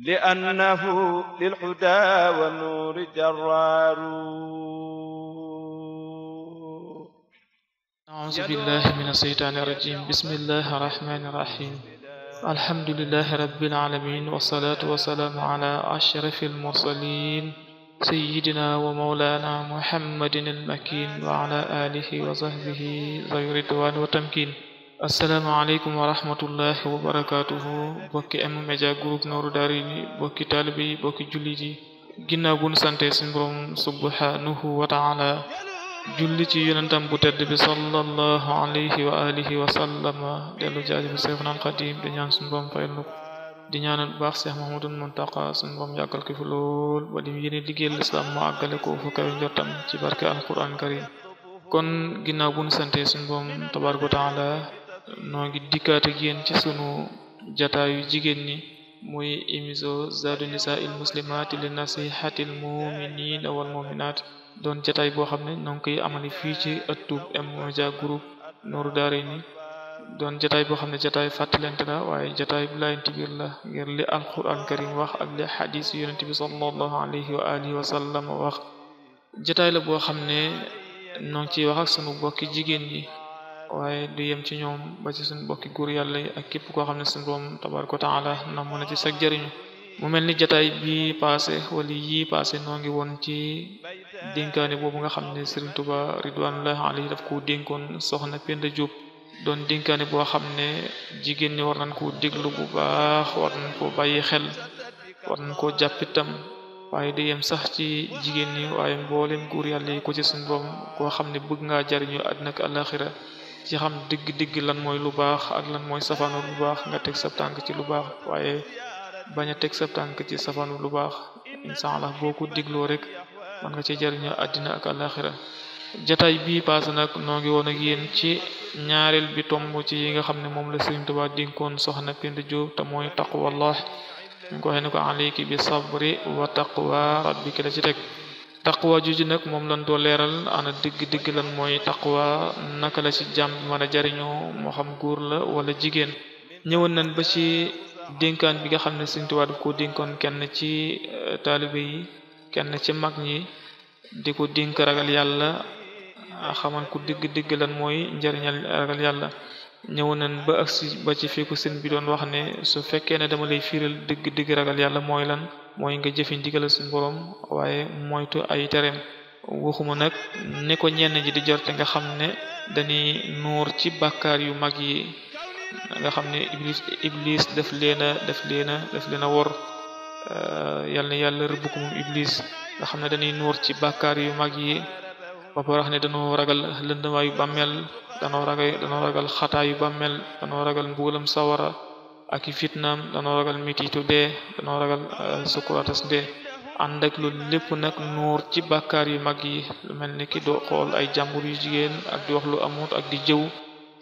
لأنه للحدى والنور جرار أعوذ بالله من الشيطان الرجيم بسم الله الرحمن الرحيم الحمد لله رب العالمين والصلاة والسلام على أشرف المرسلين سيدنا ومولانا محمد المكين وعلى آله وصحبه ذوي الرضوان والتمكين asalaamaaleykum wa rahmatullahi wa barakaatuhu bokki M-Media Group Nourou Darayni bokki taalibe yi bokki jullit yi ginnaaw bu nu sante suñu Boroom wa taala julli ci yonentam bi sallallahu alayhi wa alihi wa sallama dellu jaajëf Seexuna Xaadim di ñaan suñu Boroom fayal di ñaanal baax Seex Mahmadul Muntaqa suñu Boroom yàggal ko fi lool ba lim yéene liggéeyal ko fu kawe ci barke alquran karim kon ginnaaw bu nu sante suñu Boroom noo ngi dikkaat ak yéen ci sunu jataayu jigéen ñi muy émission zaadu nisaa il muslimaati li nasihatil muminina wal muminaat doon jataay boo xam ne noo ngi koy amali fii ci ëttub M-Media Group Nourou Darayni doon jataay boo xam ne jataay fàttalente la waaye jataay bu laayante biir la ngir li alquran karim wax ak li xadis yonente bi sallallahu alihi wa sallam wax jataay la boo xam ne noo ngi ciy wax sunu bokki jigéen ñi waaye di yem ci ñoom ba ci suñ bokki góor yàlla yi ak képp koo xam ne suñ boom tabaraka wa na mu ne ci sag jëriñu mu mel ni jataay bi passé wala yii passé noo ngi woon ci dénkaane boobu nga xam ne Serigne Touba ridwanullah alayhi daf ko dénkoon soxna Penda Diop doon dénkaane boo xam ne jigéen ñi war nañ koo déglu bu baax war nañ koo bàyyi xel war nañ koo jàpp itam waaye di yem sax ci jigéen ñi waaye mboolem góor yàlla yi ko ci suñ boom koo xam ne bëgg ngaa jariñu àddina ak àlaxira ci xam digg-digg lan mooy lu baax ak lan mooy safaanu lu baax nga teg sa tànk ci lu baax waaye bañ a teg sa tànk ci safaanu lu baax incha allah boo ko digloo rek man nga ci jariñoo àddina ak alaxira jataay bii paase nag noo ngi woon ak yéen ci ñaareel bi tomb ci yi nga xam ne moom la Sëriñ Tuubaa dénkoon soxna Penda Jóob te mooy taqwallah ñu ko waxee ne ko alayki bi sabri wa taqwa rabbika la ci teg taqwa juji nag moom lan doo leeral ana digg digg lan mooy taqwa naka la ci jàmm mën a jariñoo moo xam góor la wala jigéen ñëwoon nañ ba ci dénkaan bi nga xam ne Sëriñ Tuubaa ko dénkoon kenn ci euh, taalibe yi kenn ci mag ñi di ko dénk ragal yàlla xamal ku dëgg-dëgg lan mooy njariñal ragal yàlla ñëw nañ ba agsi ba ci fii ko sëñ bi doon wax ne su fekkee ne dama lay fiiral dëgg dëgg ragal yàlla mooy lan mooy nga jëfe ndigalal suñ borom waaye moytu ay tereem waxuma nag ni ko ñenn ji di jorte nga xam ne dañuy nuur ci bàkkaar yu mag yi nga xam ne iblis iblis daf leen a daf leen a daf leen a wor yal na yàlla nuur ci bàkkaar yu mag yi ba wax ne danoo ragal lëndëmaayu bàmmeel danoo ragal danoo ragal xataayu bàmmeel danoo ragal mbuulam sawara ak i fitnaam danoo ragal mitiitu dee danoo ragal eh, sukuratas dee ànd ak loolu lépp nag ci bàkkaar yu mag yi lu mel ni ki do xool ay jàmbur yu jigéen ak di lu amut ak di jëw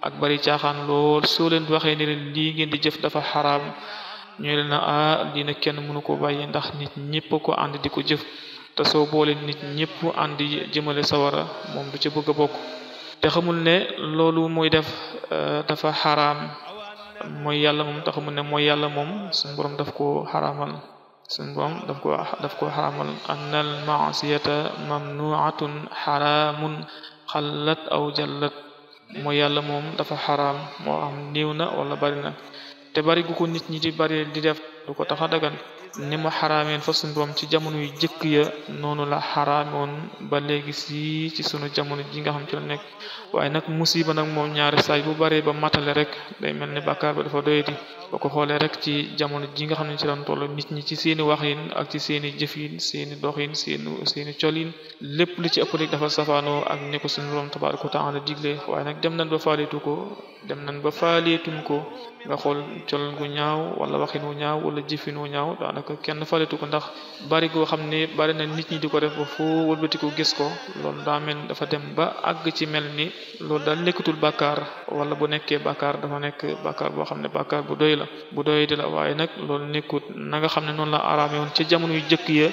ak bari caaxaan lool soo leen waxee ne leen di jëf dafa xaraam ñu leen a ah lii nag kenn mënu ko bàyyi ndax nit ko ànd di ko te soo boole nit ñëpp ànd jëmale sawara moom du ci bëgg bokk te xamul ne loolu muy def euh, dafa xaraam mooy yàlla moom te xamul ne mooy yàlla moom suñu borom daf ko xaraamal suñu borom daf ko daf ko xaraamal anna al maasiyata mamnuatun xaraamun xallat aw jallat mooy yàlla moom dafa xaraam moo xam néew na wala bari te bari gu ko nit ñi di bari di def du ko tax dagan ni mu xaraameen fa suñu borom ci jamono yu jëkk ya noonu la xaraamoon ba léegi si ci sunu jamono ji nga xam ci la nekk waaye nag musiba nag moom ñaari saay bu baree ba matale rek day mel ni bàkkaar dafa doyati boo ko xoolee rek ci jamono ji xam ne ci lañ nit ñi ci seeni waxin ak ci seeni jëfin seeni doxin seeni seeni colin lépp li ci ëpp dafa safaanoo ak ni ko suñu borom tabaaraka wa taala digle waaye nag dem nañ ba faaleetu ko dem nañ ba faaleetuñ ko nga xool colin gu ñaaw wala waxin wu ñaaw wala jëfin wu ñaaw daanaka kenn faletu ko ndax bari goo xam ne bari na nit ñi di ko def ba foo wëlbatiku gis ko loolu daa mel dafa dem ba àgg ci mel ni loolu daal nekkatul bàkkaar wala bu nekkee bàkkaar dafa nekk bàkkaar boo xam ne bàkkaar bu doy la bu doy di la waaye nag lool nekkut na nga xam ne noonu la araame ci jamono yu jëkk ya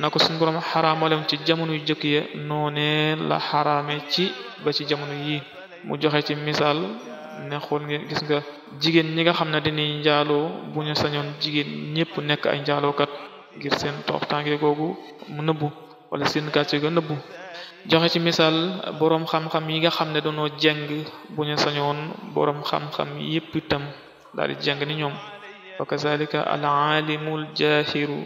na ko suñ borom xaraamaleem ci jamono yu jëkk ya noonee la xaraame ci ba ci jamono yii mu joxe ci misaal ne xool nge gis nga jigéen ñi nga xam ne dañuy njaaloo bu ñu sañoon jigéen ñëpp nekk ay kat ngir seen toxtaange googu mu nëbbu wala seen gàcce ga nëbbu joxe ci misaal boroom xam-xam yi nga xam ne dañoo jeng bu ñu sañoon boroom xam-xam itam daal di jeng ni ñoom wa kazalika al aalimu l jaahiru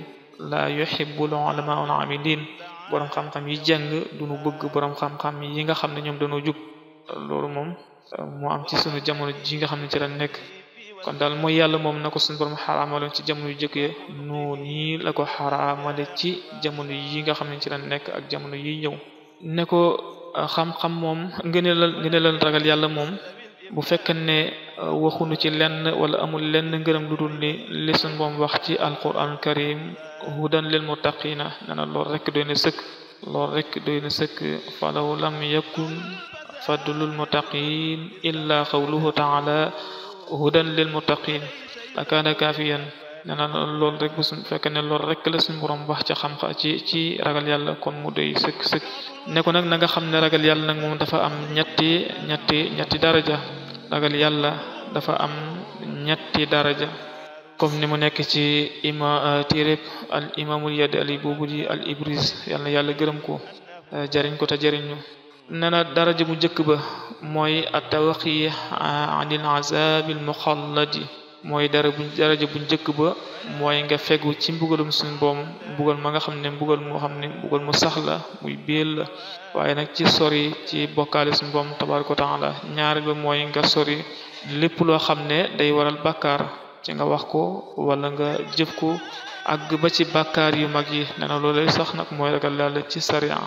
la yuhibbu l ulama al yi jeng duñu bëgg boroom xam-xam yi nga xam ne ñoom dañoo jub loolu moom moo am ci sunu jamono ji nga xam ne ci la nekk kon daal mooy yàlla moom na ko sunu borom xaraamaloon ci jamono yu jëkk ya noo nii ci jamono yi nga xam ne ci la nekk ak jamono yi ñëw ne ko ah, xam-xam moom ngëneelal ngëneelal ragal yàlla moom bu fekkee ne ah, waxunu ci lenn wala amul lenn ngërëm lu dul ni li sunu borom wax ci alquran karim hudan lil muttaqina nee na loolu rek doy na sëkk loolu rek doy na sëkk falaw lam yakun fadlul muttaqin illa qawluhu taala hudan leen muttaqin akaana kaafiyan nee na loolu rek bu suñ fekkee ne lool rek la suñ borom wax ca xam ci ci ragal yàlla kon mu doy sëkk sëkk ne ko nag na xam ne ragal yàlla nag moom dafa am ñetti ñetti ñetti daraja ragal yàlla dafa am ñetti daraja comme ni mu nekk ci ima euh, téereb al imaamul yaddi al ibubudi al ibris yàlla yàlla gërëm ko euh, jariñ ko te jariñu nee na daraja bu njëkk ba mooy attawaqi anil azabil muxalladi mooy dara bu daraja bu njëkk ba mooy nga fegu ci mbugalum suñu mbom mbugal ma nga xam ne mbugal moo xam ne mbugal mu sax la muy biir la waaye nag ci sori ci bokkaale suñu boom tabaraka wa taala ñaareel ba mooy nga sori lépp loo xam ne day waral bàkkaar ci nga wax ko wala nga jëf ko ak ba ci bàkkaar yu mag yi nee na loolay sax nag mooy ragal yàlla ci sariya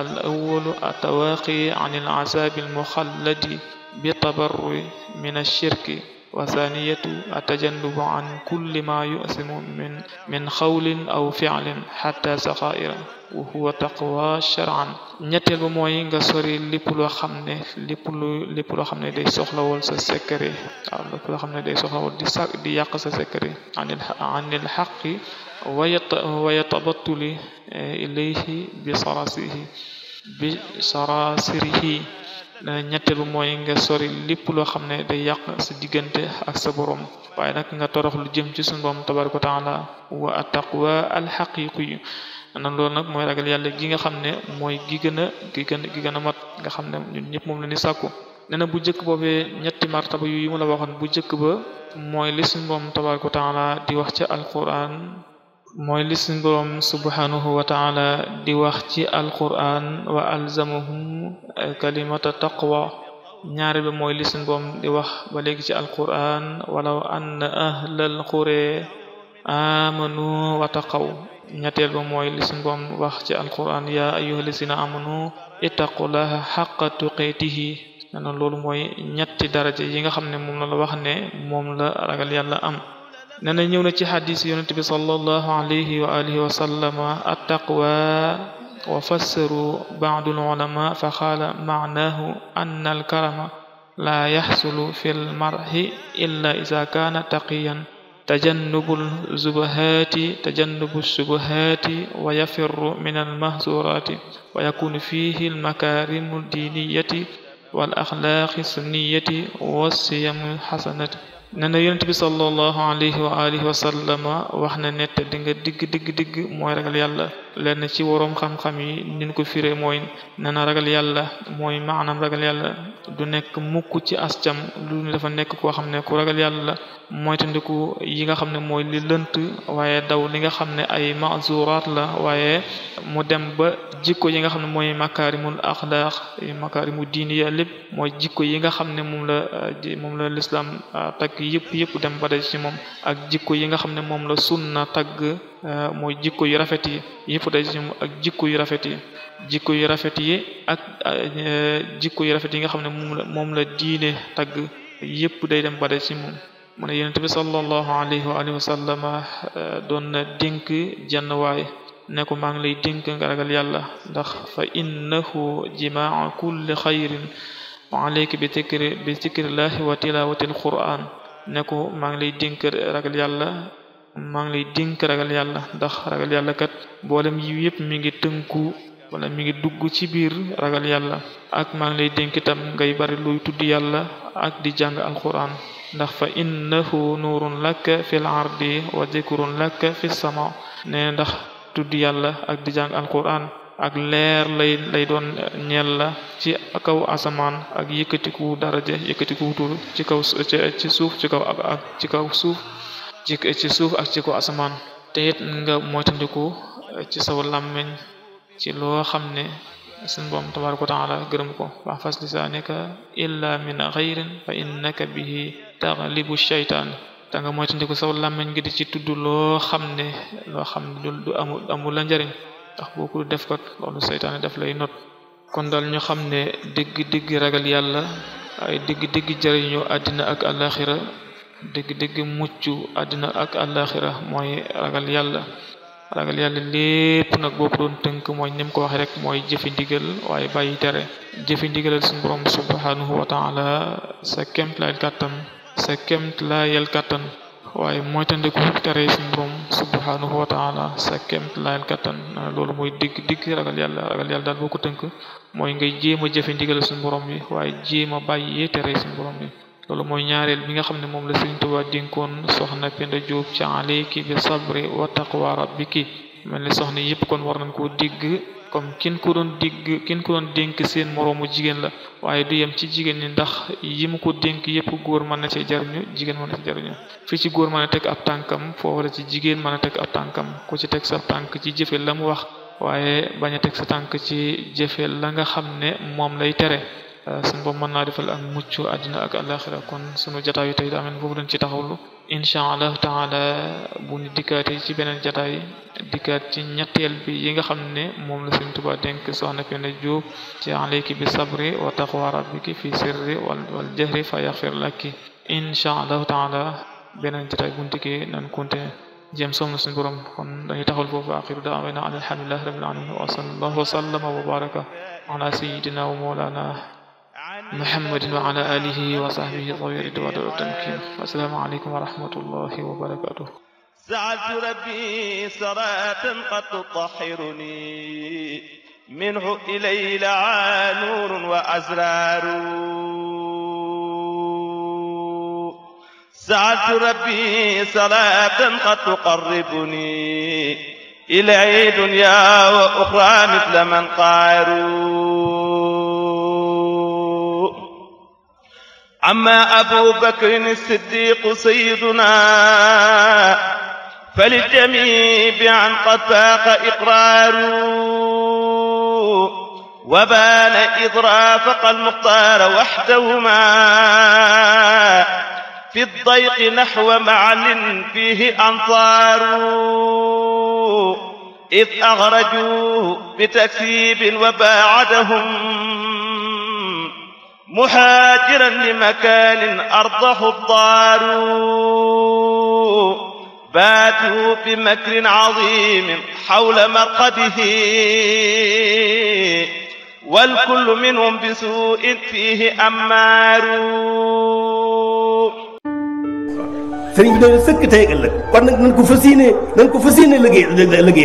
al awalu atawaqi an al azabi al muxalladi bi tabarrui min ashirki wa thaniyatu atajannubu an kulli ma yusimu min min xawlin aw fi'lin xatta saxaira wa huwa taqwa shar'an ñetteel ba mooy nga sori lépp loo xam ne lépp lu lépp loo xam ne day soxlawal sa secret waaw lépp loo xam ne day soxlawal di sa di yàq sa secret anil anil xaqi wa yatabattuli eh, ilayhi bi sarasihi bi sarasirihi Euh, ñette bu mooy nga sori lépp loo xam ne da yàq sa diggante ak sa boroom waaye nag nga torox lu jëm ci suñu borom tabaraka wa taala wa attaqwa alxaqiqu yu nan loolu nag mooy ragal yàlla gi nga xam ne mooy gi gën a gën gi gën a mat nga xam ne ñun ñëpp moom la ni sàkku nee bu jëkk boobee ñetti martaba yu yi mu la waxoon bu jëkk ba mooy li suñu borom ko wa taala di wax ca alquran mooy li suñ boroom subhanahu wa taala di wax ci alquran wa alzamahum kalimata taqwa ñaari bi mooy li suñ di wax ba léegi ci alquran walaw anna ahlal qure amanu wa taqaw ñetteel ba mooy li suñ boroom wax ci ya ayyuhallazina amanu ittaqullaha haqqa tuqatihi nana loolu mooy ñetti daraja yi nga xam ne moom la la wax ne moom la ragal yàlla am nee na ñëw na ci xadis yonent bi sallallahu alayhi wa alihi wa sallama attaqwa wa fassaru baadul ulama fa qaala maanahu anna alkarama laa yaxsulu fi lmarhi illa ida kaana taqiyan tajannubu lzubahaati tajannubu lsubuhaati wa yafiru min almahsuraati wa yakunu fihi almakaarimu ddiiniyati wal axlaaqi sunniyati wasiyam lxasanati nee na yonent bi sallallahu alayhi wa alihi wa wax na ne te di nga digg digg digg mooy ragal yàlla lenn ci waroom xam-xam yi nin ko fiire mooy nee na ragal yàlla mooy maanaam ragal yàlla du nekk mukk ci ascam lu dafa nekk koo xam ne ku ragal yàlla mooy tandiku yi nga xam ne mooy li waaye daw li nga xam ne ay mazuraat la waaye mu dem ba jikko yi nga xam ne mooy makaarimul axlaaq makaarimu diiniya lépp mooy jikko yi nga xam ne moom la moom la lislaam ah, tagg yëpp yëpp dem ba daj ci moom ak jikko yi nga xam ne moom la sunna tagg Euh, mooy jikko yu rafet yi yëpp day jëm ak jikko yu rafet yi jikko yu rafet yi ak euh, jikko yu rafet yi nga xam ne moom la moom la diine tagg yëpp day dem ba day ci moom mu ne yonent bi sallallahu alayhi wa alihi wa sallama euh, doon na dénk jenn waay maa ngi lay dénk nga ragal yàlla ndax fa innahu jimaa kulli xayrin wa alayka bi zikri bi zikrillahi wa tilawatil quran ne ko maa ngi lay dénk ragal yàlla maa lay dénk ragal yàlla ndax ragal yàlla kat boolem yiw yépp mi ngi tënku wala mi ngi dugg ci biir ragal yàlla ak maa ngi lay dénk itam ngay bari luy tudd yàlla ak di jàng alquran ndax fa innahu nuurun laka fil ardi wa dikrun laka fi sama nee ndax tudd yàlla ak di jàng alquran ak leer lay lay doon ñeel la ci kaw asamaan ak yëkkatiku daraje yëkkatiku tur ci kaw ci suuf ci kaw ak ci kaw suuf ci ci suuf ak ci ko asamaan te it nga moytandiku eh, ci saw làmmiñ ci loo xam ne suñ boom tabaraka wa taala gërëm ko wa fas lisaanaka illa min xayrin fa innaka bihi taglibu shaytaan te nga moytandiku saw làmmiñ ngi di ci tudd loo xam ne loo xam ne du du amul amul la njariñ ndax boo ko def ko loolu seytaane daf lay not kon daal ñu xam ne digg digg ragal yàlla ay digg digg jariñu àddina ak àllaaxira dégg dégg mucc àddina ak àllaaxira mooy ragal yàlla ragal yàlla lépp nag boo ko doon tënk mooy ni mu ko waxee rek mooy jëfi ndigal waaye bàyyi tere jëfi ndigalal suñu borom subhanahu sa kemt laayal kàttan sa kemt laayal kàttan waaye mooy tandiku tere suñu borom subhanahu sa kemt laayal loolu mooy digg digg ragal yàlla tënk mooy ngay jéem a jëfi ndigalal suñu borom bi waaye jéem a bàyyi tere suñu loolu mooy ñaareel bi nga xam ne moom la Sëriñ Tuubaa dénkoon soxna Penda Jóob ci alayki bi sabri wa taqwa rabbiki mel ne soxna yëpp kon war nañ koo digg comme kenn ku doon digg kenn ko doon dénk seen moroomu jigéen la waaye du yem ci jigéen ñi ndax yi mu ko dénk yëpp góor mën na ci jariñu jigéen mën na cee jariñu fii ci góor mën a teg ab tànkam foofu la ci jigéen mën a teg ab tànkam ku ci teg sa tànk ci jëfe la mu wax waaye bañ a teg sa tànk ci jëfe la nga xam ne moom lay tere Eh, suñu boobu mën naa defal ak mucc àddina ak àlaxira kon sunu jataayu tey daa mel boobu lañ ci taxawlu incha allah taala bu ñu ci beneen jataay dikkaat ci ñetteel bi yi nga xam ne moom la Sëriñ Tuubaa dénk soxna Penda Jóob ci alayki bi sabri wa taqwa rabbiki fi sirri wal wal jahri fa yaxfir laki incha allah taala beneen jataay bu ñu dikkee nan kunte jëm soom na suñu borom kon dañuy taxawal foofu axiru da'waana alhamdulillahi rabbil alamin wa sallallahu wa sallama wa baraka muhammadin wa ala alihi wa sahbihi zawi ridwaan wa tamkin assalaamu aleykum wa rahmatullahi wa barakaatuh sa'altu rabbi saraatan qad tutahhiruni minhu ilayya nuurun wa azraaru sa'altu rabbi saraatan qad tuqarribuni ilayya dunya wa ukhra mithla man qaaru أما أبو بكر الصديق سيدنا فللجميع بعن قد فاق إقراره وبان إذ رافق المختار وحدهما في الضيق نحو معل فيه أنصار إذ أغرجوه بتكسيب وباعدهم muhaajiran li makaanin ardahu daaru baatu bi makrin aziimin xawla marqadihi wal kullu minhum bi suu'in fiihi ammaaru. sëriñ bi de sëkk tey ëllëg kon nag nañ ko fas yéene nañ ko fas yéene liggéey liggéey